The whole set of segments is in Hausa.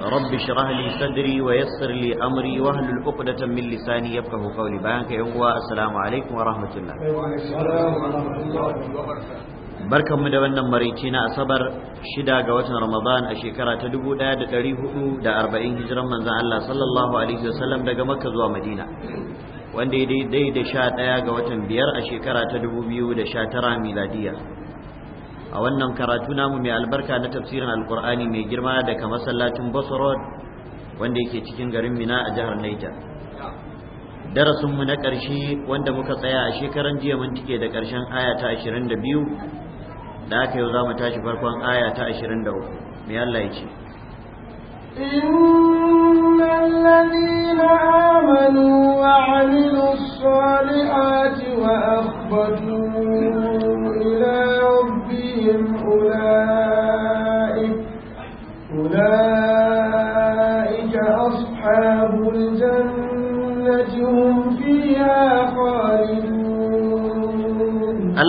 رب اشرح لي صدري ويسر لي امري واحلل عقدة من لساني يفقهوا قولي بانك يا السلام عليكم ورحمة الله barkan mu da wannan maraice na asabar shida ga watan ramadan a shekara ta dubu ɗaya da dari hudu da arba'in hijiran manzan allah sallallahu alaihi wasallam daga makka zuwa madina wanda ya daidai da sha ɗaya ga watan biyar a shekara ta dubu biyu da sha tara miladiya a wannan karatu namu mai albarka na tafsirin alkur'ani mai girma daga masallacin basarod wanda yake cikin garin mina a jihar naija darasinmu na ƙarshe wanda muka tsaya a shekaran jiya mun tike da ƙarshen aya ta 22 da aka yau za mu tashi farkon aya ta 23 mai allah ya ce إن الذين آمنوا وعملوا الصالحات وأخبتوا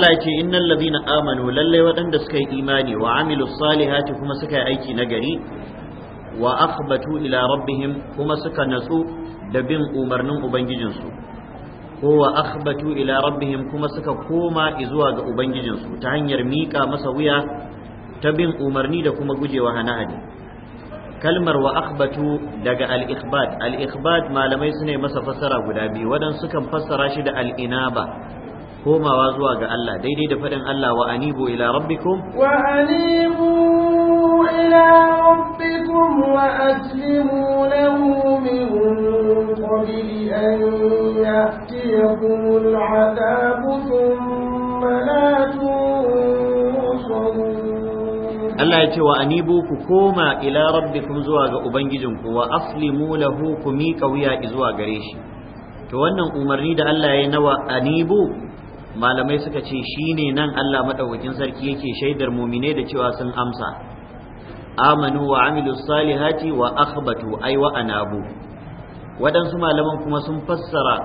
Allah ya ce innal ladina amanu lalle waɗanda suka yi imani wa amilu salihati kuma suka yi aiki nagari wa akhbatu ila rabbihim kuma suka natsu da bin umarnin ubangijinsu ko wa akhbatu ila rabbihim kuma suka koma zuwa ga ubangijinsu ta hanyar mika masa wuya ta bin umarni da kuma gujewa hana kalmar wa akhbatu daga al-ikhbat al-ikhbat malamai su ne masa fassara guda biyu waɗansu kan fassara shi da al-inaba komawa zuwa ga Allah daidai da faɗin Allah wa anibu ila rabbikum wa anibu ila rabbikum wa aslimu lahu min qabli an ya'tiyakum al'adab thumma la Allah ya ce wa anibu ku koma ila rabbikum zuwa ga ubangijinku wa aslimu lahu ku miƙa wuya zuwa gare shi to wannan umarni da Allah ya nawa anibu malamai suka ce shine nan Allah madaukakin sarki yake shaidar mumine da cewa sun amsa amanu wa amilu salihati wa akhbatu ay wa anabu waɗansu malaman kuma sun fassara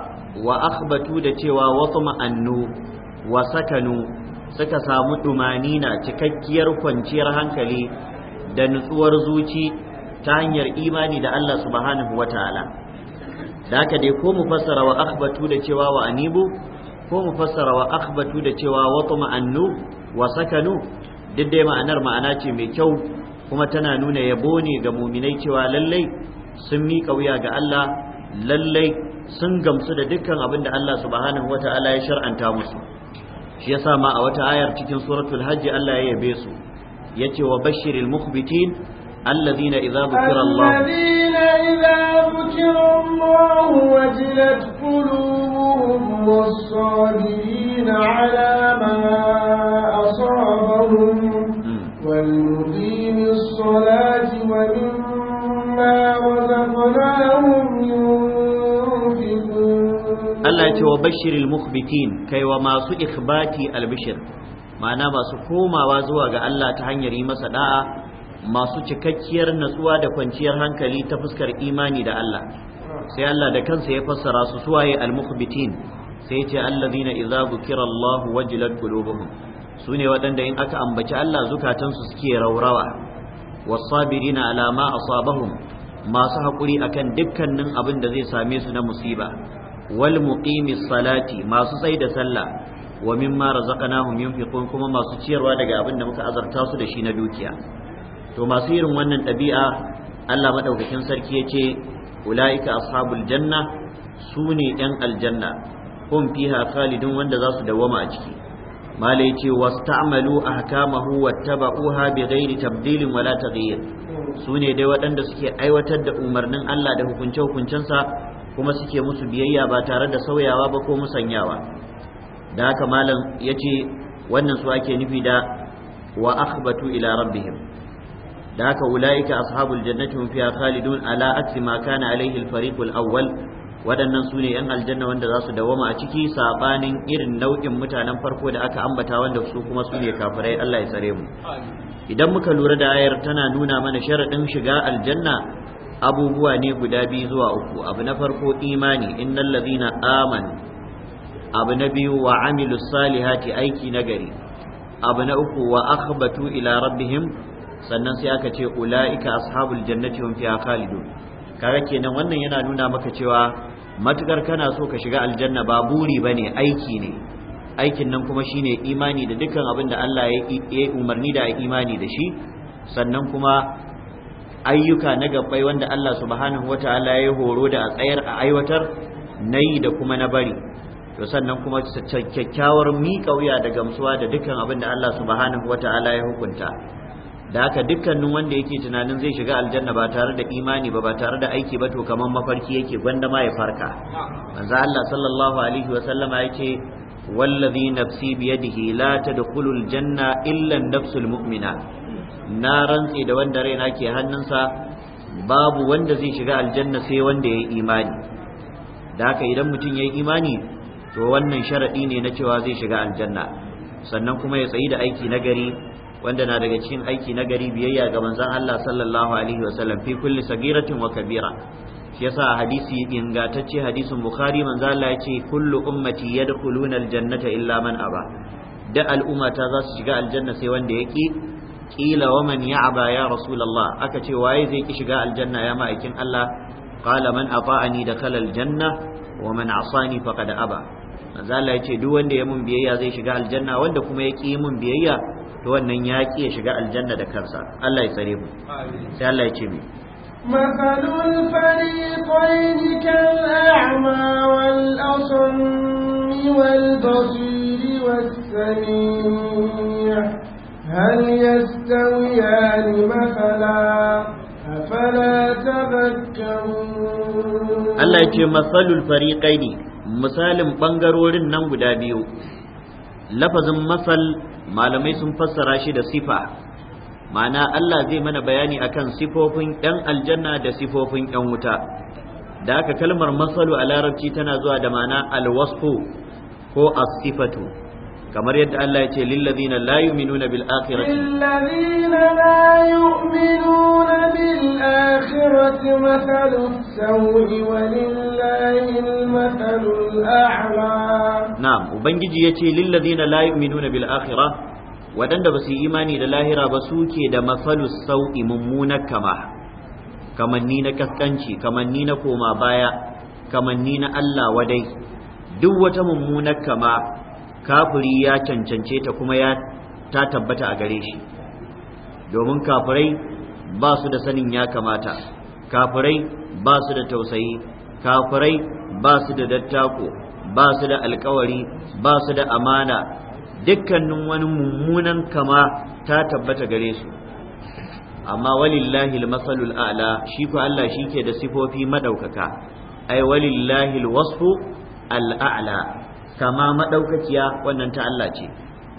wa akhbatu da cewa wasu ma'annu wa sakanu suka samu na cikakkiyar kwanciyar hankali da nutsuwar zuci ta hanyar imani da Allah subhanahu wa ta'ala da haka dai ko mu fassara wa akhbatu da cewa wa anibu ko mu fassara wa akhbatu da cewa wa tuma'annu wa sakanu duk dai ma'anar ma'ana ce mai kyau kuma tana nuna yabo ne ga muminai cewa lallai sun miƙa wuya ga Allah lallai sun gamsu da dukkan abin da Allah subhanahu wata'ala ya shar'anta musu shi yasa ma a wata ayar cikin suratul hajji Allah ya yabe su ce wa bashiril mukhbitin الذين إذا ذكر الله الذين إذا ذكر الله وجلت قلوبهم والصابرين على ما أصابهم والمقيم الصلاة ومما رزقناهم Allah ce wa bashirin muhbitin kai wa masu ikbati albishir ma'ana masu komawa zuwa ga Allah ta hanyar yi masa da'a masu cikakkiyar natsuwa da kwanciyar hankali ta fuskar imani da Allah sai Allah da kansa ya fassara su suwaye al-mukhbitin sai ya ce allazina idza zukira Allah wajilat qulubuhum sune waɗanda in aka ambaci Allah zukatansu suke raurawa was-sabirina ala ma asabahum masu hakuri akan dukkanin abin da zai same su na musiba wal muqimis salati masu tsayi da sallah wa mimma razaqnahum yunfiqun kuma masu ciyarwa daga abin da muka azarta su da shi na dukiya to masu irin wannan ɗabi'a Allah maɗaukakin sarki ya ce ula'ika ashabul janna su ne 'yan aljanna hum fiha khalidun wanda za su dawama a ciki mala yace wasta'malu ahkamahu wattaba'uha bighairi tabdilin wala taghyir su ne dai waɗanda suke aiwatar da umarnin Allah da hukunce hukuncensa kuma suke musu biyayya ba tare da sauyawa ba ko musanyawa da haka malam yace wannan su ake nufi da wa akhbatu ila rabbihim da haka ulaika ashabul jannati hum fiha khalidun ala aksi ma kana alaihi al-fariqul awwal waɗannan sune 'yan aljanna wanda za su dawama a ciki saɓanin irin nau'in mutanen farko da aka ambata wanda su kuma su ne kafirai Allah ya tsare mu idan muka lura da ayar tana nuna mana sharaɗin shiga aljanna abubuwa ne guda biyu zuwa uku abu na farko imani innal ladhina aman abu na biyu wa amilus salihati aiki nagari abu na uku wa akhbatu ila rabbihim sannan sai aka ce ulaika ashabul jannati hum fiha khalidun kaga kenan wannan yana nuna maka cewa matukar kana so ka shiga aljanna ba buri bane aiki ne aikin nan kuma shine imani da dukkan abin da Allah ya umarni da imani da shi sannan kuma ayyuka na gabbai wanda Allah subhanahu wataala ya horo da a tsayar a aiwatar na yi da kuma na bari to sannan kuma kyakkyawar miƙa wuya da gamsuwa da dukkan abin da Allah subhanahu wataala ya hukunta da haka dukkanin wanda yake tunanin zai shiga aljanna ba tare da imani ba ba tare da aiki ba to kamar mafarki yake gwanda ma ya farka manzo Allah sallallahu alaihi wa sallama yake wallazi nafsi biyadihi la tadkhulul janna illa nafsul mu'mina na rantsi da wanda raina ke hannunsa babu wanda zai shiga aljanna sai wanda yayi imani da haka idan mutum yayi imani to wannan sharadi ne na cewa zai shiga aljanna sannan kuma ya tsayi da aiki na gari. wanda na daga cikin aiki na gari biyayya ga manzon Allah sallallahu alaihi wasallam fi kulli sagiratin wa kabira shi yasa hadisi ingantacce hadisin bukhari manzo Allah ya ce kullu ummati yadkhuluna aljannata illa man aba da al'umma ta za su shiga aljanna sai wanda ya ki kila wa man ya'ba ya rasulullah aka ce waye zai ki shiga aljanna ya ma'aikin Allah qala man ata'ani dakhala aljanna wa man asani faqad aba manzo Allah ya ce duk wanda ya mun biyayya zai shiga aljanna wanda kuma ya ki mun biyayya to wannan ya ki ya shiga aljanna da kansa Allah ya tsare mu sai Allah ya ce mu مثل الفريقين كالأعمى والأصم والبصير والسميع هل يستويان مثلا Allah ce masalul fariƙai ne misalin ɓangarorin nan guda biyu lafazin masal malamai sun fassara shi da sifa ma'ana Allah zai mana bayani akan sifofin 'yan aljanna da sifofin 'yan wuta da haka kalmar masalu a larabci tana zuwa da ma'ana alwasfu ko asifatu. kamar yadda Allah ya ce lillazina la yu'minuna bil akhirati lillazina la yu'minuna bil akhirati mathalus sawi walillahil mathalul a'la na'am ubangiji yace lillazina la yu'minuna bil akhirah wadanda ba su imani da lahira ba suke da mathalus sawi mummuna kama kamanni na kaskanci kamanni na koma baya kamanni na Allah wadai duk wata mummunar kama kafiri ya cancance ta kuma ya ta tabbata a gare shi domin kafirai ba su da sanin ya kamata kafirai ba su da tausayi kafirai ba su da dattako ba su da alkawari ba su da amana dukkanin wani mummunan kama ta tabbata gare su amma walillahi almasalul a'la shi ko Allah ke da sifofi madaukaka ai walillahi alwasfu al'a'la kama madaukakiya wannan ta Allah ce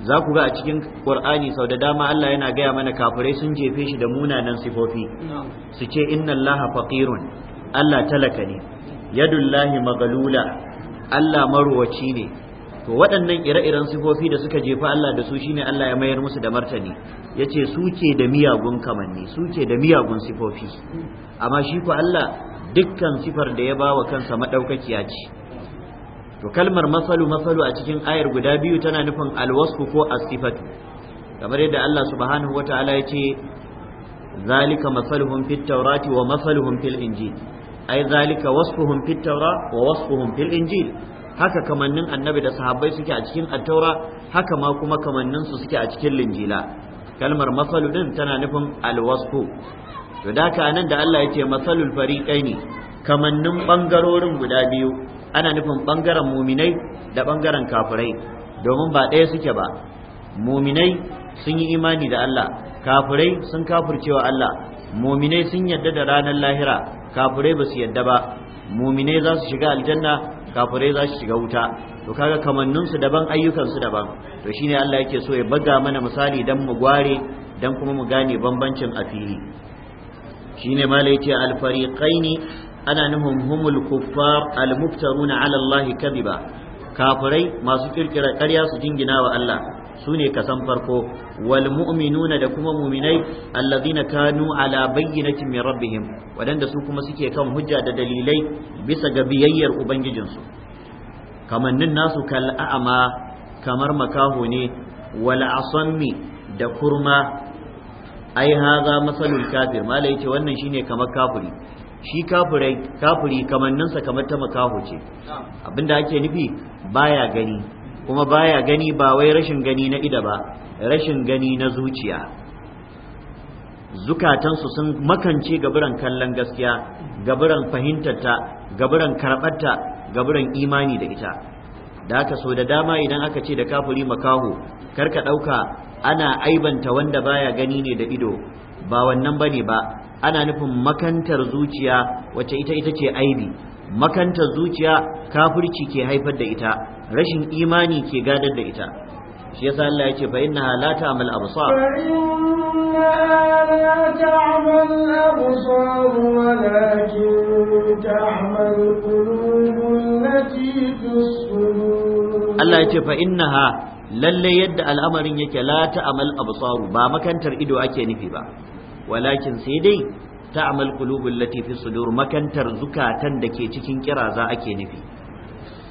za ku ga a cikin qur'ani sau da dama Allah yana gaya mana kafirai sun jefe shi da munanan sifofi su ce inna laha faqirun Allah talaka ne yadullahi magalula Allah marwaci ne to waɗannan ire-iren sifofi da suka jefa Allah da su shine Allah ya mayar musu da martani yace su ke da miyagun kamanni su ke da miyagun sifofi amma shi ko Allah dukkan sifar da ya ba wa kansa madaukakiya ce to kalmar masalu masalu a cikin ayar guda biyu tana nufin alwasu ko asifatu kamar yadda Allah subhanahu wataala ya ce zalika masaluhum fit wa masaluhum fil injil ai zalika wasfuhum fit wa wasfuhum fil injil haka kamannin annabi da sahabbai suke a cikin attaura haka ma kuma kamannin su suke a cikin linjila kalmar masalu din tana nufin alwasfu to da ka nan da Allah ya ce masalul fariqaini kamannin bangarorin guda biyu ana nufin ɓangaren muminai da bangaren kafirai domin ba ɗaya suke ba muminai sun yi imani da Allah kafirai sun kafircewa Allah muminai sun yadda da ranar lahira kafirai ba su yadda ba muminai za su shiga aljanna kafirai za su shiga wuta to kaga kamanninsu daban ayyukansu daban to shine Allah yake so ya baga mana misali dan mu gware dan kuma mu gane bambancin a fili shine malai al-fariqaini ana nufin humul kuffar al-muftaruna ala kadiba kafirai masu kirkira ƙarya su jingina wa Allah su ne kasan farko wal mu'minuna da kuma mu'minai allazina kanu ala bayyinatin min rabbihim wadanda su kuma suke kan hujja da dalilai bisa ga biyayyar ubangijinsu kamannin nasu kal a'ama kamar makaho ne wal asammi da kurma ai haza masalul kafir mala ce wannan shine kamar kafiri shi kafirai kafiri kamanninsa kamar ta makaho ce abinda ake nufi baya gani kuma baya gani ba wai rashin gani na ida ba rashin gani na zuciya zukatansu sun makance gaburan kallon gaskiya gaburan fahimtarta gaburan karɓarta gaburan imani da ita da haka so da dama idan aka ce da kafuri makaho karka ɗauka ana aibanta wanda baya gani ne da ido ba wannan bane ba ana nufin makantar zuciya wacce ita ita ce aibi makantar zuciya kafirci ke haifar da ita rashin imani ke gadar da ita shi yasa Allah ya ce fa innaha la ta'mal absar la ta'mal absar walakin ta'mal qulubul lati tusdur Allah ya ce fa innaha lalle yadda al'amarin yake la ta'mal absar ba makantar ido ake nufi ba walakin sai dai ta'amal qulubul latifin fi sudur makantar zukatan da ke cikin kiraza ake nufi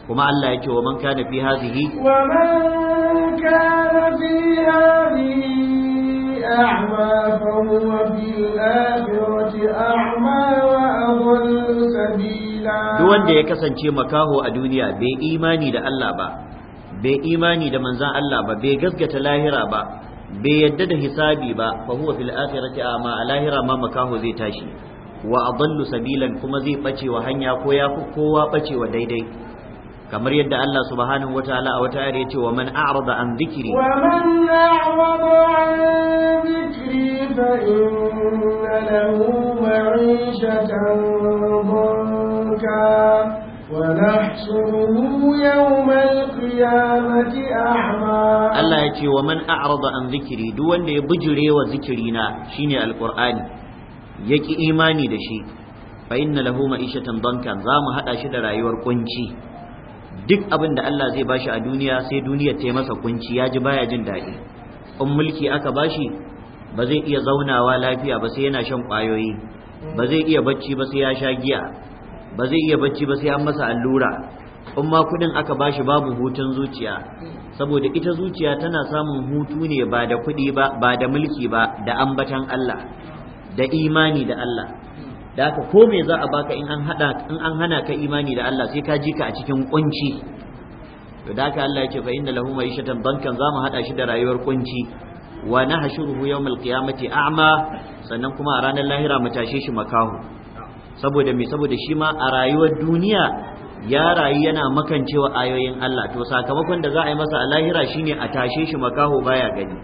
kuma Allah yake wa man kana fi hadhihi wa man kana fi hadhihi a'ma fa huwa fil akhirati wa adall sabila duk wanda ya kasance makaho a duniya bai imani da Allah ba bai imani da manzon Allah ba bai gaskata lahira ba bai yadda da hisabi ba fa huwa fil akhirati ama a lahira ma makaho zai tashi wa adallu sabilan kuma zai bace wa hanya ko ya fi kowa bace wa daidai kamar yadda Allah subhanahu wataala a wata ayar yace wa man a'rada an dhikri wa man a'rada an dhikri fa inna lahu ma'ishatan dhanka Allah ya ce wa man a'rada an zikiri duk wanda ya bijire wa zikirina shine alqur'ani yaki imani da shi fa inna lahu ma'ishatan dankan za mu hada shi da rayuwar kunci duk abin da Allah zai bashi a duniya sai duniyar ta yi masa kunci ya ji baya jin daɗi in mulki aka bashi ba zai iya zaunawa lafiya ba sai yana shan ƙwayoyi ba zai iya bacci ba sai ya sha giya ba zai iya bacci ba sai an masa allura in ma kuɗin aka bashi babu hutun zuciya saboda ita zuciya tana samun hutu ne ba da kuɗi ba ba da mulki ba da ambatan Allah da imani da Allah da haka ko me za a baka in an hada in an hana ka imani da Allah sai ka ji ka a cikin kunci to da haka Allah yake fa inna lahu ma'ishatan bankan zamu hada shi da rayuwar kunci wa nahshuruhu yawmal qiyamati a'ma sannan kuma a ranar lahira mu tashe shi makahu saboda me saboda shi ma a rayuwar duniya ya rayu yana makancewa ayoyin Allah to sakamakon da za a yi masa a lahira shine a tashe shi makaho baya gani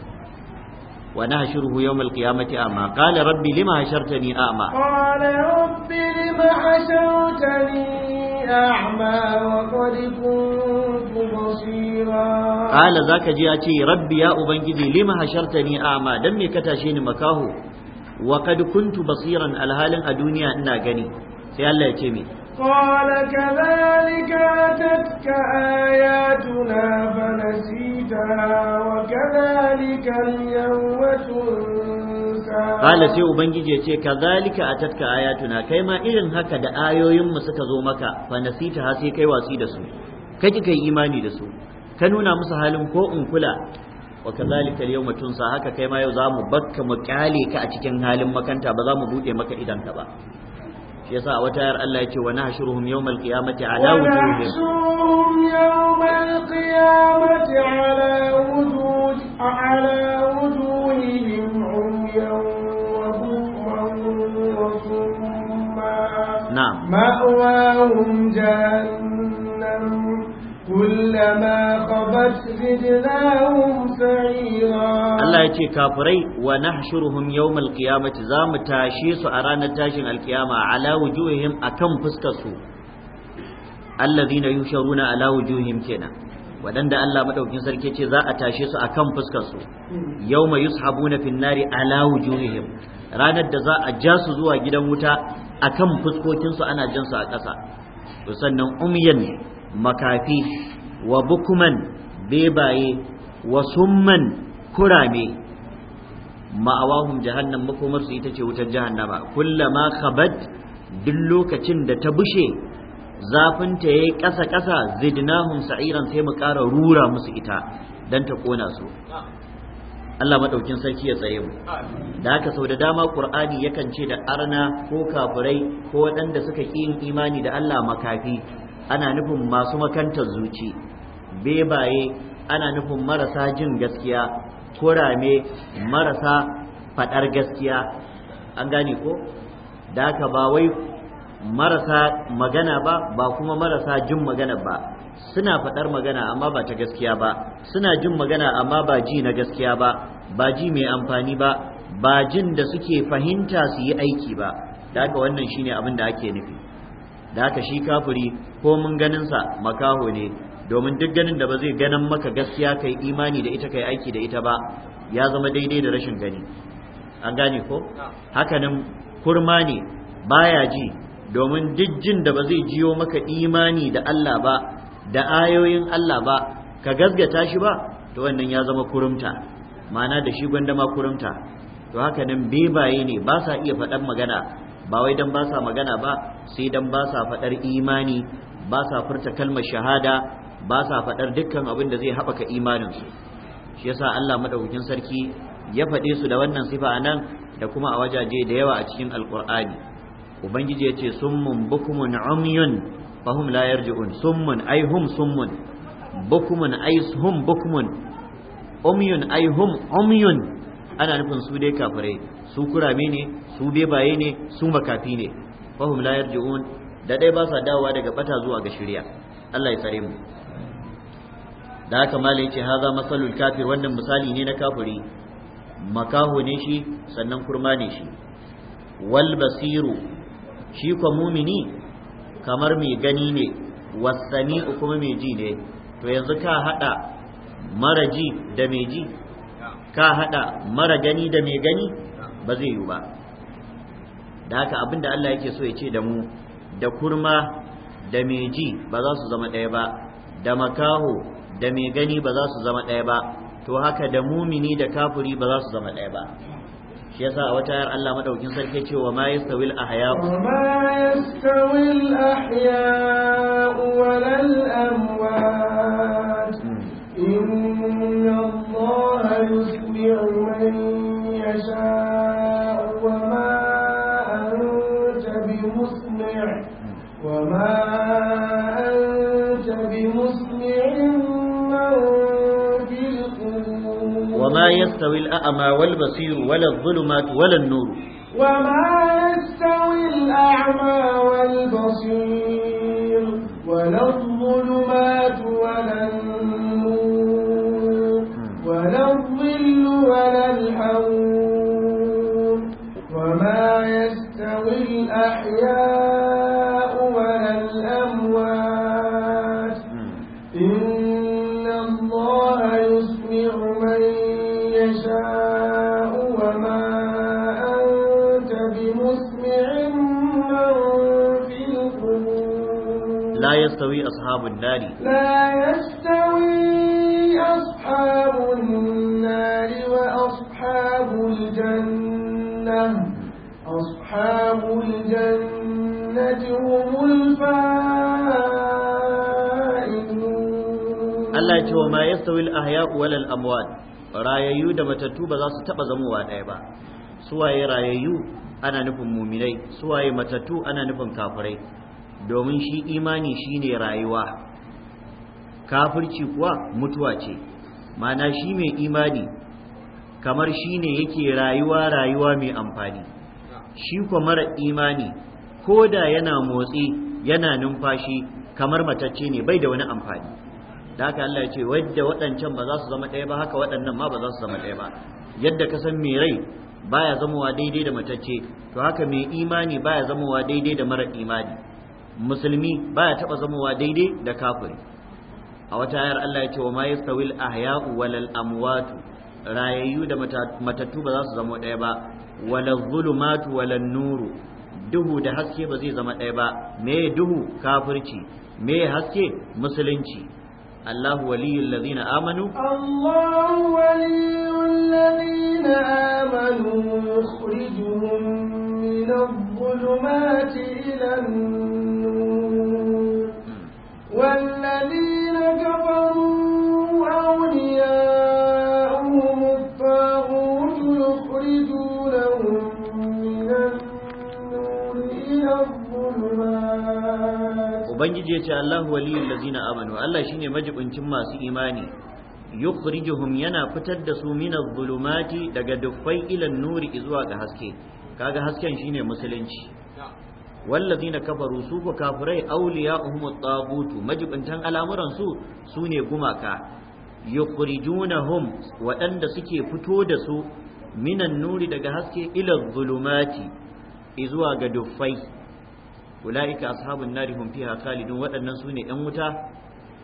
wa nahshuruhu yawmal qiyamati amma. qala rabbi lima hashartani ama qala rabbi lima hashartani أعمى وقد كنت بصيرا قال ذاك lima ربي يا أبنجدي لما me ka tashe ni makaho? wa kad kuntu basiran al a duniya ina gani sai Allah ya ce me qala kadhalika tatka ayatuna fanasita wa kadhalika al yawma qala sai ubangije ya ce kadhalika atatka ayatuna kai ma irin haka da ayoyin mu suka zo maka fanasita ha sai kai watsi da su kaji kai imani da su ka nuna musu halin ko in kula wa kazalika al-yawma tunsa haka kai ma yau zamu bakka mu kyale ka a cikin halin makanta ba za mu bude maka idan ka ba shi yasa a wata yar Allah yake wa nahshuruhum yawmal qiyamati ala wujuhihim yawmal qiyamati ala wujuh ala wujuhihim umyan wa bukman wa summa na'am ma'wahum jahannam كلما خبت زدناهم سعيرا الله يتي كافري a يوم القيامة a تاشيس أرانا تاشن القيامة على وجوههم أكم فسكسو الذين يشرون على وجوههم كنا waɗanda Allah maɗaukin sarki ce za a tashe su akan fuskar su yawma yushabuna fin nari ala wujuhihim ranar da za a ja su zuwa gidan wuta akan fuskokin su ana jan su a ƙasa to sannan ne. makafi wa bukuman bebaye wa summan kurame ma'awahum jahannam makomarsu ita ce wutar jahannama kullama khabat duk lokacin da ta bushe zafin ta yayi ƙasa ƙasa zidnahum sa'iran sai mu ƙara rura musu ita dan ta kona su Allah madaukin sarki ya tsaye mu da haka sau da dama Qur'ani yakan ce da arna ko kafirai ko waɗanda suka ƙi yin imani da Allah makafi ana nufin masu makantar zuci bebaye ana nufin marasa jin gaskiya kurame marasa fadar gaskiya an gane ko da ka ba wai marasa magana ba ba kuma marasa jin magana ba suna fadar magana amma ba ta gaskiya ba suna jin magana amma ba ji na gaskiya ba ba ji mai amfani ba ba jin da suke fahimta su yi aiki ba da wannan shine abin da ake nufi da haka shi kafiri ko mun ganin makaho ne domin duk ganin da ba zai ganin maka gaskiya kai imani da ita kai aiki da ita ba ya zama daidai da rashin gani an gane ko hakanan kurma ne baya ji domin duk jin da ba zai jiyo maka imani da Allah ba da ayoyin Allah ba ka gazgata shi ba to wannan ya zama kurumta ma'ana da shi gwanda ma kurumta to hakanan bebaye ne ba sa iya faɗan magana ba wai dan ba sa magana ba sai dan ba sa faɗar imani ba sa furta kalmar shahada ba sa faɗar dukkan abin da zai haɓaka imaninsu shi yasa Allah madaukakin sarki ya faɗe su da wannan sifa anan da kuma a wajaje da yawa a cikin alqur'ani ubangiji ya ce summun bukumun umyun fahum la yarji'un summun ai hum summun bukumun ai hum bukumun umyun ai hum umyun ana nufin su dai kafirai su kurame ne su bebaye ne su makafi ne Fahim la yarji'un da dai ba sa dawowa daga bata zuwa ga shari'a Allah ya tsare mu da haka malai yace haza masalul kafir wannan misali ne na kafiri makaho ne shi sannan kurma ne shi wal basiru shi kwa mumini kamar mai gani ne wasani kuma mai ji ne to yanzu ka hada mara da mai ji ka hada mara gani da mai gani ba zai yiwu ba da haka abin da Allah yake so ya ce da mu da kurma da mai ji ba za su zama ɗaya ba da makaho da mai gani ba za su zama ɗaya ba to haka da mumini da kafuri ba za su zama ɗaya ba shi yasa a wata yar Allah madaukin sarki ce wa ma yastawil ahya wa ma yastawil ahya amwat hmm. inna Allah وما يستوي الأعمى والبصير ولا الظلمات ولا النور وما يستوي الأعمى والبصير ولا الظلمات ولا النور ولا الظل ولا الحور وما يستوي الأحياء yastawi ashabun nari la yastawi ashabun Allah ya ce wa ma yastawi al-ahya'u wal rayayyu da matattu ba za su taɓa zamowa ɗaya ba suwaye rayayyu ana nufin muminai suwaye matattu ana nufin kafirai domin shi imani shine rayuwa kafirci kuwa mutuwa ce mana shi mai imani kamar shi ne yake rayuwa rayuwa mai amfani shi kuwa mara imani ko da yana motsi yana numfashi kamar matacce ne bai da wani amfani da haka Allah ya ce wadda waɗancan ba za su zama ɗaya ba haka waɗannan ma ba za su zama ɗaya ba yadda ka san mai rai baya zamowa daidai da matacce to haka mai imani baya zamowa daidai da mara imani musulmi baya taba zamowa daidai da kafiri a wata ayar Allah ya ce wa ma yastawil ahya'u walal amwatu rayayyu da matattu ba za su zama ɗaya ba walal zulumatu walal nuru duhu da haske ba zai zama ɗaya ba me duhu kafirci me haske musulunci الله ولي الذين آمنوا الله ولي الذين آمنوا يخرجهم من الظلمات إلى النور Kwallon daina kafar ku hau biyar mu mutu na firijunan mu, "Allah wali wani zina aminu" Allah shi ne majikuncin masu imani. Yof riguhum yana fitar da su mina bulmaji daga dafai ilan nuri zuwa ga haske. kaga hasken shi ne Musulunci. na kafaru su ko kafirai awliya'uhum at-taghut majibantan al'amuran su sune gumaka yukhrijunahum waɗanda suke fito da su minan nuri daga haske ila zulumati izuwa ga duffai ulaika ashabun nari hum fiha khalidun waɗannan sune yan wuta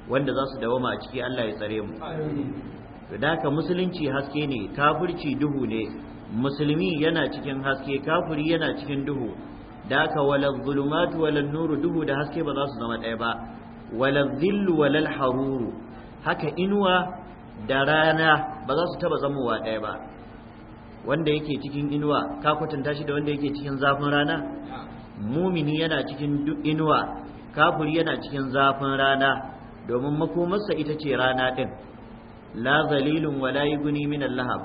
wanda za su dawama a ciki Allah ya tsare mu to da musulunci haske ne kafirci duhu ne musulmi yana cikin haske kafiri yana cikin duhu daka haka walal zulumatu walal nuru da haske ba za su zama ɗaya ba walal zillu walal haruru haka inuwa da rana ba za su taba zamowa daya ba wanda yake cikin inuwa ka kwatanta shi da wanda yake cikin zafin rana mumini yana cikin inuwa kafiri yana cikin zafin rana domin makomarsa ita ce rana ɗin la zalilun wala yuguni min lahab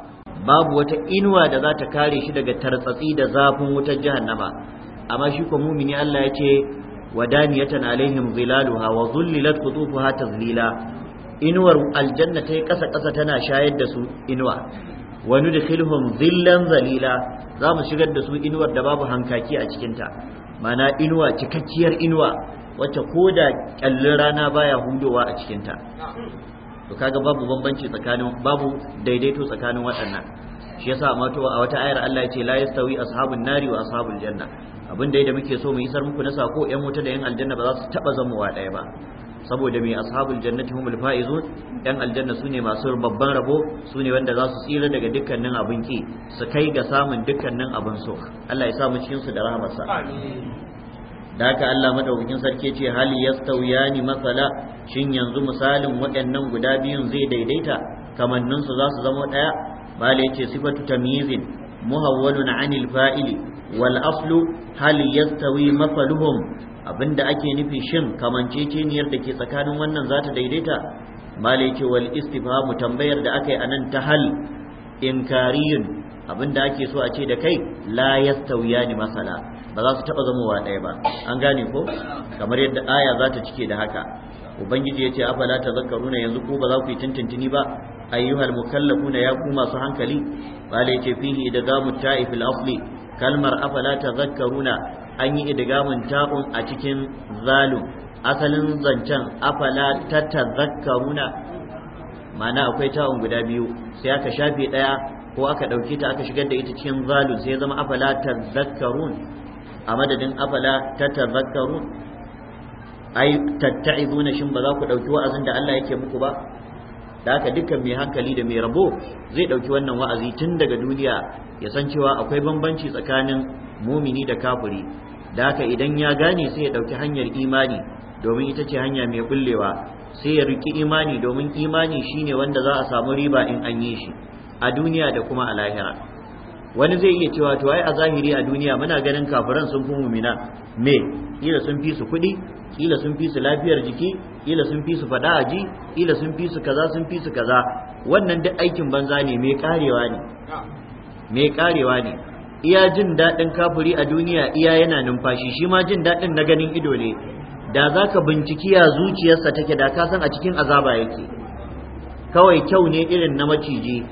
babu wata inuwa da za ta kare shi daga tartsatsi da zafin wutar jahannama amma shi ko mumini Allah ya ce wa daniyatan alaihim zilaluha wa zullilat qutufuha tazlila inuwar aljanna ta kasa kasa tana shayar da su inuwa wa nudkhiluhum zillan zalila za mu shigar da su inuwar da babu hankaki a cikinta mana inuwa cikakkiyar inuwa wacce ko da rana baya hudowa a cikinta to kaga babu bambanci tsakanin babu daidaito tsakanin waɗannan shi yasa ma to a wata ayar Allah ya ce la yastawi ashabun nari wa ashabul janna abin da muke so mu isar muku na sako yan wuta da yan aljanna ba za su taba wa ɗaya ba saboda mai ashabul jannati humul faizun yan aljanna sune masu babban rabo sune wanda za su tsira daga dukkanin abin ki su kai ga samun dukkanin abin so Allah ya sa mu cikin su da rahmarsa amin da haka Allah madaukakin sarki ce hali yastawiyani masala shin yanzu misalin waɗannan guda biyun zai daidaita kamannin su za su zama ɗaya Bale yace sifatu tamyizin muhawwalun anil fa'ili wal aslu hal yastawi mafaluhum abinda ake nufi shin kamanceceniyar da ke tsakanin wannan za ta daidaita malai wal istifhamu tambayar da aka yi anan ta hal inkariyun abinda ake so a ce da kai la ni masala ba za su taba zamowa ɗaya ba an gane ko kamar yadda aya za ta cike da haka ubangiji ya ce afala na yanzu ko ba za ku yi tuntuntuni ba ayyuhal mukallafuna ya ku masu hankali bale fihi zamu ta'i ta'ifil asli kalmar afala zakkaruna an yi idgamun ta'un a cikin zalum asalin zancen afala ta zakkaruna ma'ana akwai ta'un guda biyu sai aka shafe daya ko aka dauke ta aka shigar da ita cikin zalum sai zama afala zakkarun a madadin afala ta zakkarun ai tatta'izuna shin ba za ku dauki wa'azin da Allah yake muku ba da haka dukkan mai hankali da mai rabo zai ɗauki wannan wa'azi tun daga duniya ya san cewa akwai bambanci tsakanin mumini da kafiri da haka idan ya gane sai ya ɗauki hanyar imani domin ita ce hanya mai bullewa sai ya riki imani domin imani shine wanda za a samu riba in an yi shi a duniya da kuma a lahira wani zai iya cewa to ai a zahiri a duniya muna ganin kafiran sun fi mumina me kila sun fi su kuɗi kila sun fi su lafiyar jiki kila sun fi su fada a ji kila sun fi su kaza sun fi su kaza wannan duk aikin banza ne me karewa ne me karewa ne iya jin daɗin kafiri a duniya iya yana numfashi shi ma jin daɗin na ganin ido ne da za ka binciki ya zuciyarsa take da ka san a cikin azaba yake kawai kyau ne irin na maciji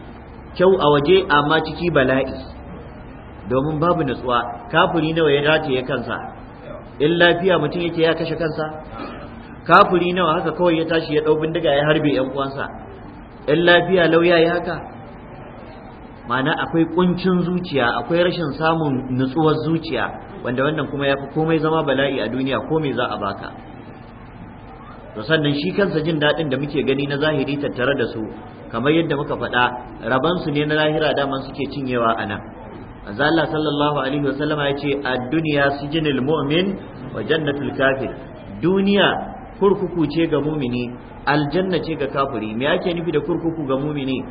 kyau a waje amma ciki bala'i domin babu nutsuwa kafuri nawa ya dace ya kansa in lafiya mutum yake ya kashe kansa kafuri nawa haka kawai ya tashi ya ɗau bindiga ya harbe yan uwansa in lafiya lauya ya haka Mana akwai kuncin zuciya akwai rashin samun nutsuwar zuciya wanda wannan kuma ya fi komai zama bala'i a duniya ko me za a baka to sannan shi kansa jin daɗin da muke gani na zahiri tattare da su kamar yadda muka faɗa rabansu ne na lahira daman suke cinyewa a nan Allah sallallahu alaihi wasallama ya ce a duniya sijinil mu'min wa jannatul kafir duniya kurkuku ce ga mumini aljanna ce ga kafiri me yake nufi da kurkuku ga mumini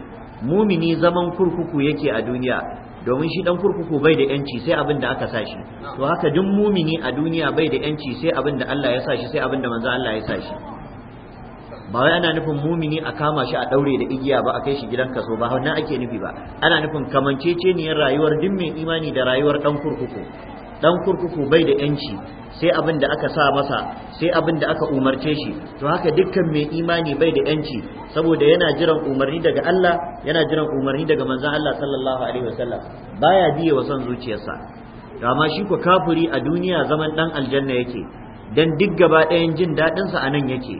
mumini zaman kurkuku yake a duniya domin shi dan kurkuku bai da yanci sai abin da aka sashi to haka duk mumini a duniya bai da yanci sai abin da Allah ya sashi sai abin da manzo Allah ya sashi ba wai ana nufin mumini a kama shi a daure da igiya ba a kai shi gidan kaso ba wannan ake nufi ba ana nufin kamanceceniyar rayuwar duk mai imani da rayuwar dan kurkuku dan kurkuku bai da yanci sai abin da aka sa masa sai abin da aka umarce shi to haka dukkan mai imani bai da yanci saboda yana jiran umarni daga Allah yana jiran umarni daga manzon Allah sallallahu alaihi wasallam baya biye wa son zuciyarsa to amma shi ko kafiri a duniya zaman dan aljanna yake dan duk gaba ɗayan jin daɗinsa a nan yake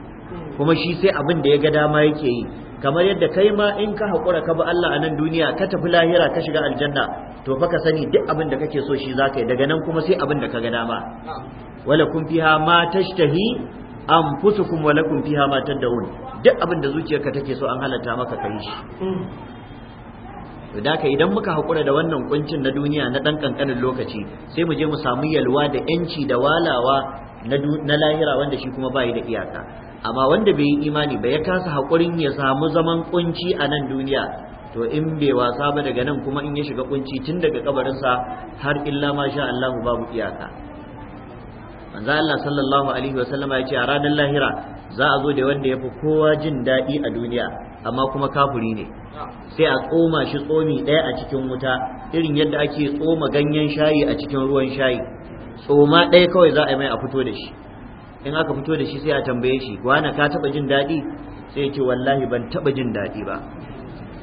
kuma shi sai abin da ya ga dama yake yi kamar yadda kai ma in ka haƙura ka bi Allah a nan duniya ka tafi lahira ka shiga aljanna to fa ka sani duk abin da kake so shi zaka yi daga nan kuma sai abin da ka ga dama wala kun fiha ma tashtahi anfusukum wala kun fiha ma tadawun duk abin da zuciyarka take so an halatta maka kai shi da ka idan muka haƙura da wannan kuncin na duniya na ɗan ƙanƙanin lokaci sai mu je mu samu yalwa da ‘yanci da walawa na lahira wanda shi kuma bayi da iyaka amma wanda bai yi imani ba ya kasa haƙurin ya samu zaman kunci a nan duniya to in bai wasa ba daga nan kuma in ya shiga kunci tun daga kabarinsa har illa ma sha Allah babu iyaka manzo Allah sallallahu alaihi wasallama ya ce a ranar lahira za a zo da wanda ya fi kowa jin daɗi a duniya amma kuma kafuri ne sai a tsoma shi tsomi ɗaya a cikin wuta irin yadda ake tsoma ganyen shayi a cikin ruwan shayi tsoma ɗaya kawai za a yi mai a fito da shi in aka fito da shi sai a tambaye shi wana ka taba jin daɗi sai ya ce wallahi ban taba jin daɗi ba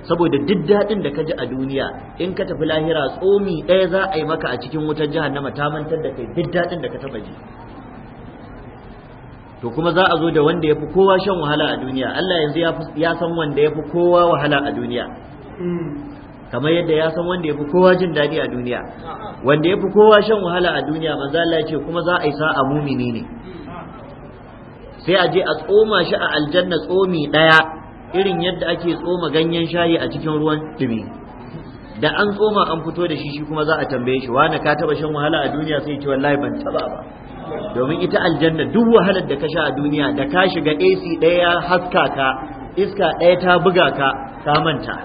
saboda duk dadin da ka ji a duniya in ka tafi lahira tsomi ɗaya za a yi maka a cikin wutar jahannama ta mantar da kai duk dadin da ka taba ji to kuma za a zo da wanda ya fi kowa shan wahala a duniya Allah yanzu ya san wanda ya fi kowa wahala a duniya kamar yadda ya san wanda ya fi kowa jin daɗi a duniya wanda ya fi kowa shan wahala a duniya manzo Allah ya ce kuma za a yi sa'a mumini ne sai a je a tsoma shi a aljanna tsomi ɗaya irin yadda ake tsoma ganyen shayi a cikin ruwan dumi da an tsoma an fito da shi shi kuma za a tambaye shi wani ka taba shan wahala a duniya sai ce wallahi ban taba ba domin ita aljanna duk wahalar da ka sha a duniya da ka shiga AC ɗaya ya haska ka iska ɗaya ta buga ka ka manta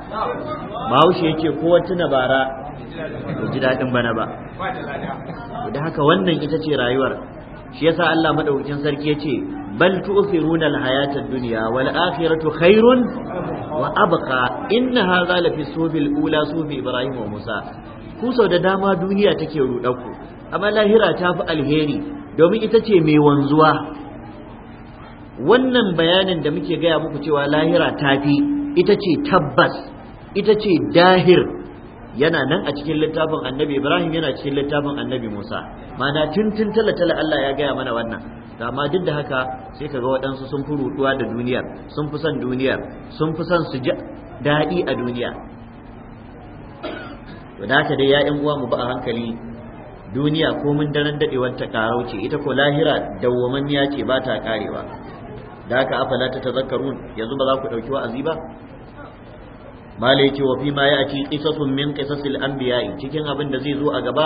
bahaushe yake ko tuna bara ji daɗin bana ba da haka wannan ita ce rayuwar shi yasa Allah madaukakin sarki yace bal tu'thiruna al-hayata ad-dunya wal akhiratu khairun wa abqa inna hadha la fi subil ula ibrahim wa musa ku sau da dama duniya take ruɗa ku amma lahira ta fi alheri domin ita ce mai wanzuwa wannan bayanin da muke gaya muku cewa lahira ta fi ita ce tabbas ita ce dahir yana nan a cikin littafin annabi ibrahim yana cikin littafin annabi musa mana tuntun talatala allah ya gaya mana wannan amma duk da haka sai ka ga waɗansu sun fi ruɗuwa da duniyar sun fi son duniyar sun fi son su ji daɗi a duniya to da haka dai ya'yan uwa mu ba a hankali duniya ko mun daren daɗewar ta karau ce ita ko lahira dawwamanniya ce ba ta karewa da haka afala ta tazakkarun yanzu ba za ku ɗauki wa'azi ba maliki wa fi ma ya'ti qisasun min qisasil anbiya cikin abin da zai zo a gaba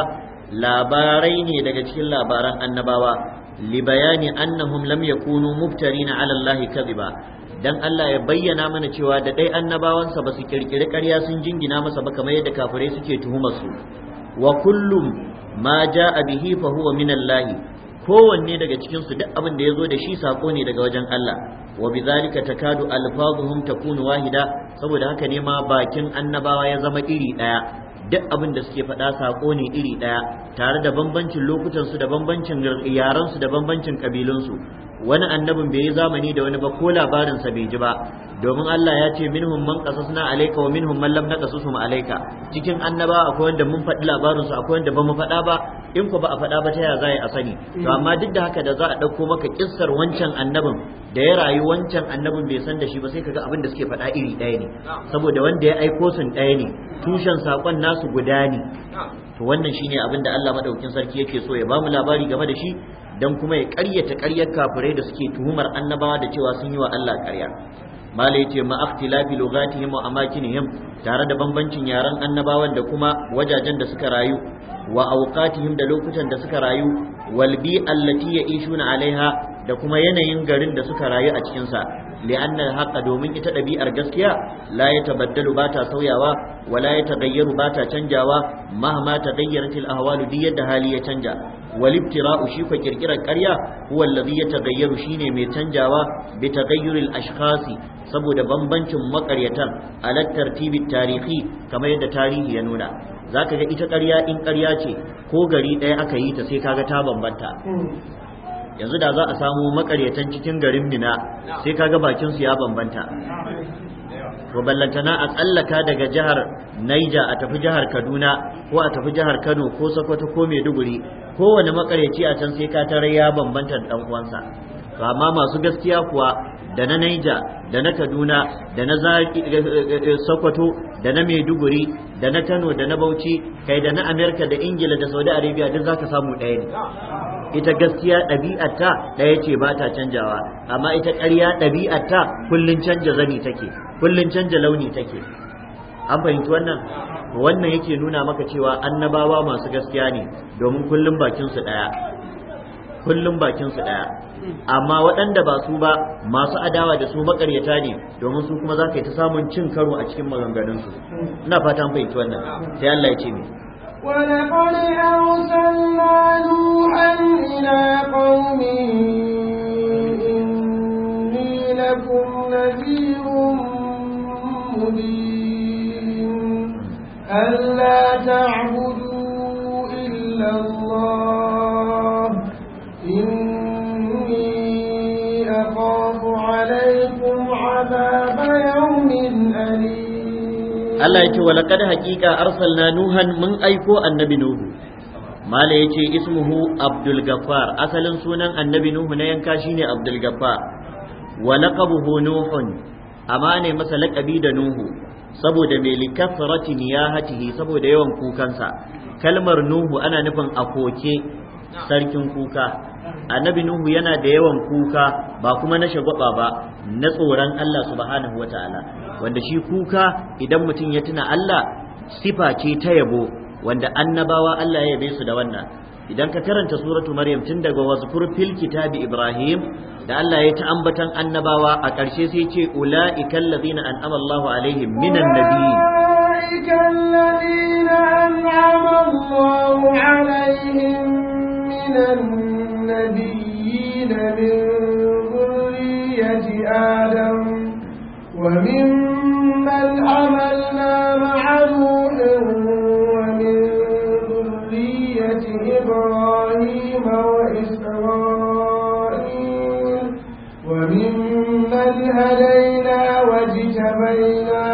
labarai ne daga cikin labaran annabawa li bayani annahum lam yakunu mubtarin 'ala Allah kadhiba dan Allah ya bayyana mana cewa da dai annabawansa ba su kirkiri ƙarya sun jingina masa ba kamar yadda kafirai suke tuhumar su wa kullum ma jaa bihi fa huwa min Allah kowanne daga cikinsu duk abin da ya zo da shi sako ne daga wajen Allah wa zalika takadu alfazuhum takunu wahida saboda haka ne ma bakin annabawa ya zama iri daya duk abin da suke faɗa sako ne iri daya tare da bambancin lokutan su da bambancin yaran su da bambancin kabilun su wani annabin bai yi zamani da wani ba ko labarin sa bai ji ba domin Allah ya ce minhum man qasasna alayka wa minhum man lam naqasusum alayka cikin annaba akwai wanda mun faɗi labarin su akwai wanda ba mu faɗa ba in ko ba a faɗa ba ta ya za a sani to amma duk da haka da za a ɗauko maka kissar wancan annabin da ya rayu wancan annabin bai san da shi ba sai kaga abin da suke faɗa iri ɗaya ne saboda wanda ya aiko sun ɗaya ne tushen sakon nasu guda ne to wannan shine abin da Allah madaukin sarki yake so ya bamu labari game da shi dan kuma ya ƙaryata ƙaryar kafirai da suke tuhumar annabawa da cewa sun yi wa Allah ƙarya mala yace ma ikhtilafi lughatihim wa amakinihim tare da bambancin yaren annabawan da kuma wajajen da suka rayu wa awqatihim da lokutan da suka rayu wal bi allati ya'ishuna alaiha da kuma yanayin garin da suka rayu a cikin sa li'anna haqqa domin ita dabi'ar gaskiya la yatabaddalu ba ta sauyawa wa la yataghayyaru ba ta canjawa mahma taghayyarat al ahwalu duk yadda hali ya canja wal ibtira'u ƙirƙirar ƙarya kirkirar ƙarya huwa allazi yataghayyaru shine mai canjawa bi taghayyuril ashkhasi saboda bambancin makaryatan alat tartibi tarihi kamar yadda tarihi ya nuna Za ka ga ita ƙarya in ƙarya ce ko gari ɗaya aka yi ta sai kaga ta bambanta yanzu da za a samu makaryatan cikin garin Mina sai kaga bakin su ya bambanta to ballantana a tsallaka daga jihar Naija a tafi jihar Kaduna ko a tafi jihar Kano ko Sokoto ko Maiduguri kowane makareci a can sai ka tarar ya bambanta dan uwansa to amma masu gaskiya kuwa da na Naija da na Kaduna da na eh, eh, eh, Sokoto da na Maiduguri da na Kano da na Bauchi kai da na Amerika da Ingila da Saudi Arabia duk zaka samu ɗaya ne ita gaskiya ɗabi'arta ɗaya ce ba ta canjawa amma ita ƙarya ɗabi'arta kullum canja zani take kullum canja launi take an fahimci wannan wannan yake nuna maka cewa annabawa masu gaskiya ne domin kullum bakin su ɗaya kullum bakin su ɗaya amma waɗanda ba su ba masu adawa da su makaryata ne domin su kuma za ka yi ta samun cin karo a cikin maganganunsu ina fatan fahimci wannan sai Allah ya ce mai ولقد أرسلنا نوحا إلى قومه إني لكم نذير مبين ألا تعبدوا إلا الله إني أخاف عليكم عذاب Allah ya ce wa laqad haqiqa arsalna nuhan mun aiko annabi nuhu mala ya ce ismuhu abdul gaffar asalin sunan annabi nuhu na yanka shine abdul gaffar wa laqabuhu nuhun amma ne masa laqabi da nuhu saboda mai ya niyahatihi saboda yawan kukansa kalmar nuhu ana nufin akoke sarkin kuka annabi nuhu yana da yawan kuka ba kuma na shagwaba ba na tsoron Allah subhanahu wataala wanda shi kuka idan mutum ya tuna Allah sifa ce ta yabo wanda annabawa Allah ya yabe su da wannan idan ka karanta suratu maryam tun daga wazkur fil kitabi ibrahim da Allah ya ta ambatan annabawa a ƙarshe sai ce ula'ikal ladina an'ama Allahu alaihim minan nabiyyin ula'ikal ladina an'ama Allahu alaihim minan النبيين من ذرية آدم ومن من عملنا مع نوح ومن ذرية إبراهيم وإسرائيل ومن من هدينا واجتبينا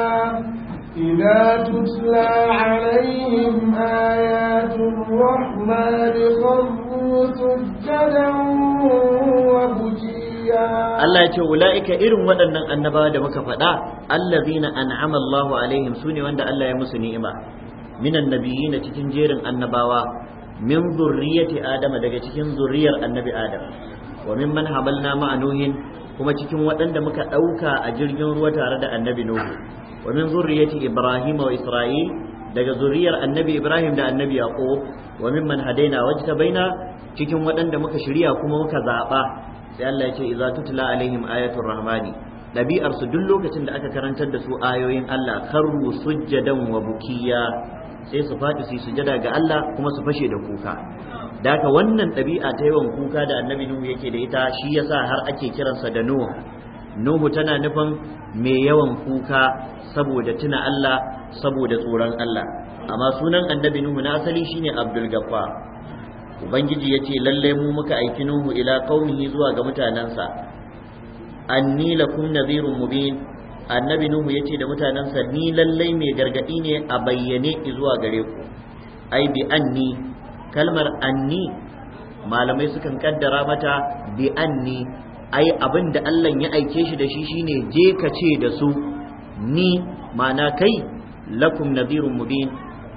إذا تتلى عليهم آيات الرحمن خروا Allah ya ce ula'ika irin waɗannan annabawa da muka faɗa allazina an'ama Allahu alaihim sune wanda Allah ya musu ni'ima minan nabiyina cikin jerin annabawa min zurriyati adama daga cikin zuriyar annabi adam wa man habalna ma nuhin kuma cikin waɗanda muka ɗauka a jirgin ruwa tare da annabi nuhu wa min zurriyati ibrahim wa isra'il daga zuriyar annabi Ibrahim da annabi yaqo wa mimman hadaina baina cikin waɗanda muka shirya kuma muka zaɓa sai Allah ya ce idza tutla alaihim ayatul rahmani ɗabi'ar su duk lokacin da aka karantar da su ayoyin Allah karru sujjadan wa bukiya sai su faɗi su sujjada ga Allah kuma su fashe da kuka da wannan ɗabi'a ta yawan kuka da annabi Nuhu yake da ita shi yasa har ake kiransa da Nuhu nuhu tana nufin mai yawan kuka saboda tuna Allah saboda tsoron Allah amma sunan annabi nuhu na asali shine abdul gaffar ubangiji yace lalle mu muka aiki nuhu ila qaumihi zuwa ga mutanansa anni lakum nadhirun mubin annabi nuhu yace da mutanansa ni lallai mai gargadi ne a bayyane zuwa gare ku ai bi anni kalmar anni malamai sukan kaddara mata bi anni ai abin da Allah ya aike shi da shi shine je ka ce da su ni mana kai lakum nadhirun mubin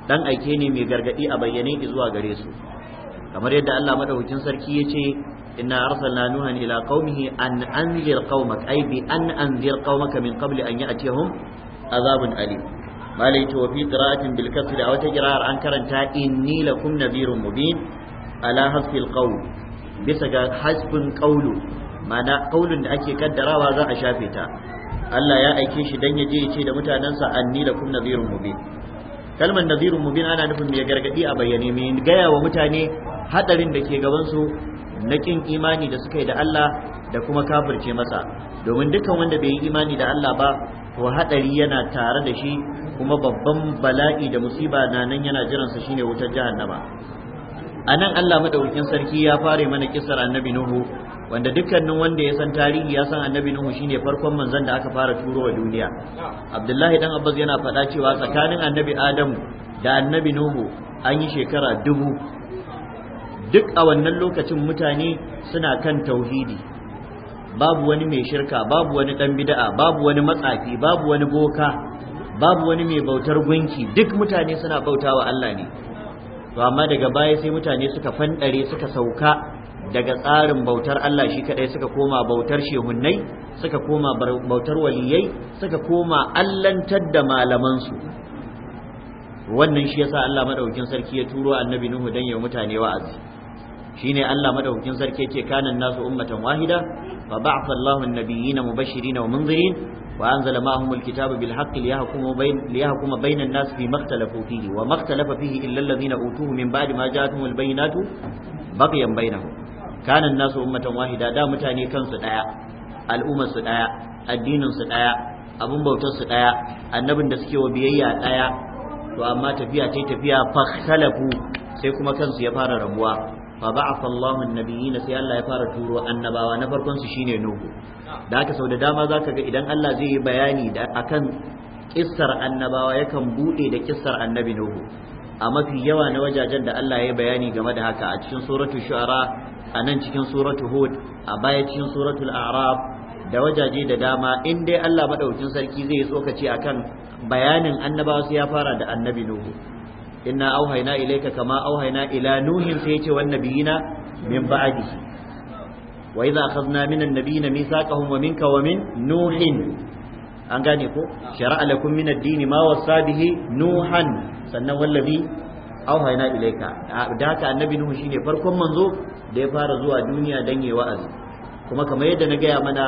dan aike ne mai gargadi a bayyane zuwa gare su kamar yadda Allah madaukakin sarki ya ce inna arsalna nuhan ila qaumihi an anzir qaumak ai bi an anzir qaumaka min qabli an ya'tiyahum azabun alim malai to fi qira'atin bil kasr a wata qira'ar an karanta inni lakum nadhirun mubin ala hasfil qawl bisa ga hasbun qawlu ma'ana kaulin da ake kaddarawa za a shafe ta Allah ya aike shi dan ya je ya ce da mutanansa anni lakum nadhirun mubin kalmar nadhirun mubin ana nufin mai gargadi a bayyane mai gaya wa mutane hadarin da ke gaban su na kin imani da suka yi da Allah da kuma kafirce masa domin dukkan wanda bai yi imani da Allah ba to hadari yana tare da shi kuma babban bala'i da musiba na nan yana jiran sa shine wutar jahannama anan Allah madaukin sarki ya fare mana kisar annabi Nuhu wanda dukkanin wanda ya san tarihi ya san annabi nuhu shine farkon manzon da aka fara turo wa duniya abdullahi dan abbas yana faɗa cewa tsakanin annabi adamu da annabi nuhu an yi shekara dubu duk a wannan lokacin mutane suna kan tauhidi babu wani mai shirka babu wani dan bid'a babu wani matsafi babu wani boka babu wani mai bautar gunki duk mutane suna bautawa Allah ne to amma daga baya sai mutane suka fandare suka sauka daga tsarin bautar Allah shi kadai suka koma bautar shehunnai suka koma bautar waliyai suka koma allantar da malamansu wannan shi yasa Allah madaukakin sarki ya turo annabi Nuhu dan ya mutane wa'azi shine Allah madaukakin sarki yake kanan nasu ummatan wahida fa ba'atha Allahu an-nabiyina mubashirin wa munzirin wa anzala ma'ahum al-kitaba bil haqqi liyahkuma bayn liyahkuma bayna an-nas fi makhtalafu fihi wa makhtalafa fihi illa alladhina utuhu min ba'di ma ja'atuhum al-bayyinatu baghyan bainahum kana nasu ummatan wahida da mutane kansu daya al'umma su daya addinin su daya abun bautar su daya annabin da suke wa biyayya daya to amma tafiya tai tafiya fa sai kuma kansu ya fara rabuwa fa ba'atha Allahu an-nabiyina sai Allah ya fara turo annabawa na farkon su shine Nuhu da haka sau da dama zaka ga idan Allah zai yi bayani da akan kissar annabawa yakan bude da kissar annabi Nuhu a mafi yawa na wajajen da Allah ya bayani game da haka a cikin suratul shu'ara a nan cikin suratu hud a baya cikin suratul Arab da wajaje da dama in dai Allah madaukakin sarki zai yi tsokaci akan bayanin annabawa sai ya fara da annabi nuhu inna auhayna ilayka kama auhayna ila nuhin sai yace wan nabiyina min ba'dihi wa idza akhadna minan nabiyina mithaqahum wa minka wa min nuhin an gane ko shar'a lakum min ad-din ma wasa bihi nuhan sannan wallazi auhayna ilaika da haka annabi nuhu shine farkon manzo da ya fara zuwa duniya dan yayi wa'azi kuma kamar yadda na gaya mana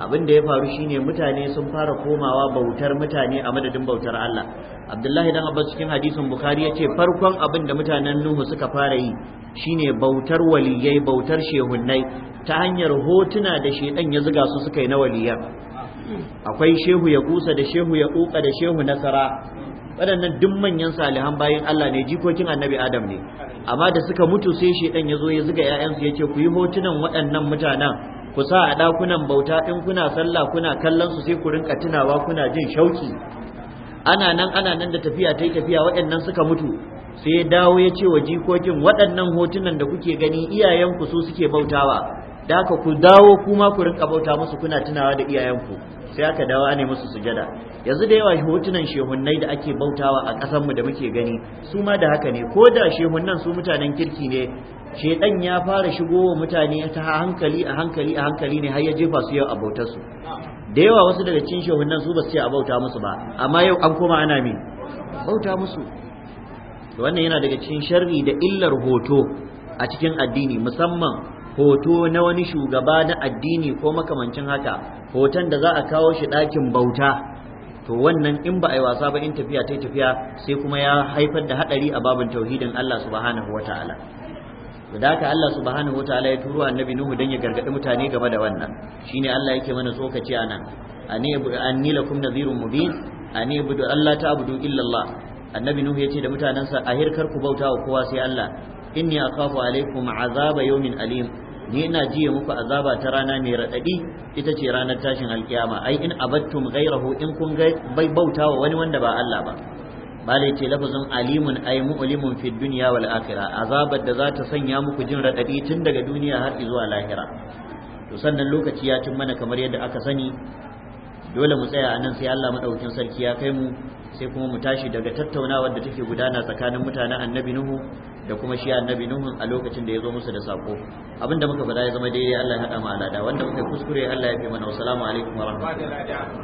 abin da ya faru shine mutane sun fara komawa bautar mutane a madadin bautar Allah Abdullahi dan Abbas cikin hadisin Bukhari yace farkon abin da mutanen Nuhu suka fara yi shine bautar waliyai bautar shehunnai ta hanyar hotuna da shedan ya zuga su suka yi na waliyan akwai shehu ya kusa da shehu ya kuka da shehu nasara waɗannan duk manyan salihan bayan Allah ne jikokin annabi Adam ne amma da suka mutu sai shedan ya zo ya zuga ya yace ku yi hotunan waɗannan mutanen ku sa a ɗakunan bauta in kuna sallah kuna kallon su sai ku rinka tunawa kuna jin shauki ana nan ana nan da tafiya ta yi tafiya waɗannan suka mutu sai ya dawo ya ce wa jikokin waɗannan hotunan da kuke gani iyayenku su suke bautawa da haka ku dawo kuma ku rinka bauta musu kuna tunawa da iyayenku sai aka dawo ane musu sujada yanzu da yawa hotunan shehunnai da ake bautawa a ƙasanmu mu da muke gani su ma da haka ne ko da shehunnan su mutanen kirki ne shedan ya fara shigo wa mutane ta hankali a hankali a hankali ne har ya jefa su yau a bautar su da yawa wasu daga cikin shehunnan su ba su ce a bauta musu ba amma yau an koma ana mi bauta musu wannan yana daga cikin sharri da illar hoto a cikin addini musamman hoto na wani shugaba na addini ko makamancin haka hoton da za a kawo shi ɗakin bauta to wannan in ba a yi wasa ba in tafiya ta tafiya sai kuma ya haifar da haɗari a babin tauhidin Allah subhanahu wa ta'ala da haka Allah subhanahu wa ta'ala ya turo annabi Nuhu dan ya gargadi mutane game da wannan shine Allah yake mana tsokaci a nan ani anni lakum nadhirun mubin ani budu Allah ta'budu illa Allah annabi Nuhu yace da mutanansa a hirkar ku bauta wa kowa sai Allah inni akhafu alaikum azaba yawmin alim ni ina jiye muku azaba ta rana mai raɗaɗi ita ce ranar tashin alkiyama ai in abattum ghairahu in kun ga bauta wa wani wanda ba Allah ba Bale ce lafazin alimun ai mu'limun fid dunya wal akhirah azabar da za ta sanya muku jin raɗaɗi tun daga duniya har zuwa lahira to sannan lokaci ya cin mana kamar yadda aka sani dole mu tsaya anan sai Allah madaukakin sarki ya kai mu sai kuma mu tashi daga tattaunawar da take gudana tsakanin mutanen annabi nuhu da kuma shi annabi nuhu a lokacin da ya zo musu da sako abinda muka faɗa ya zama daidai Allah ya hada mu alada wanda muka kuskure Allah ya fi mana assalamu alaikum wa rahmatullahi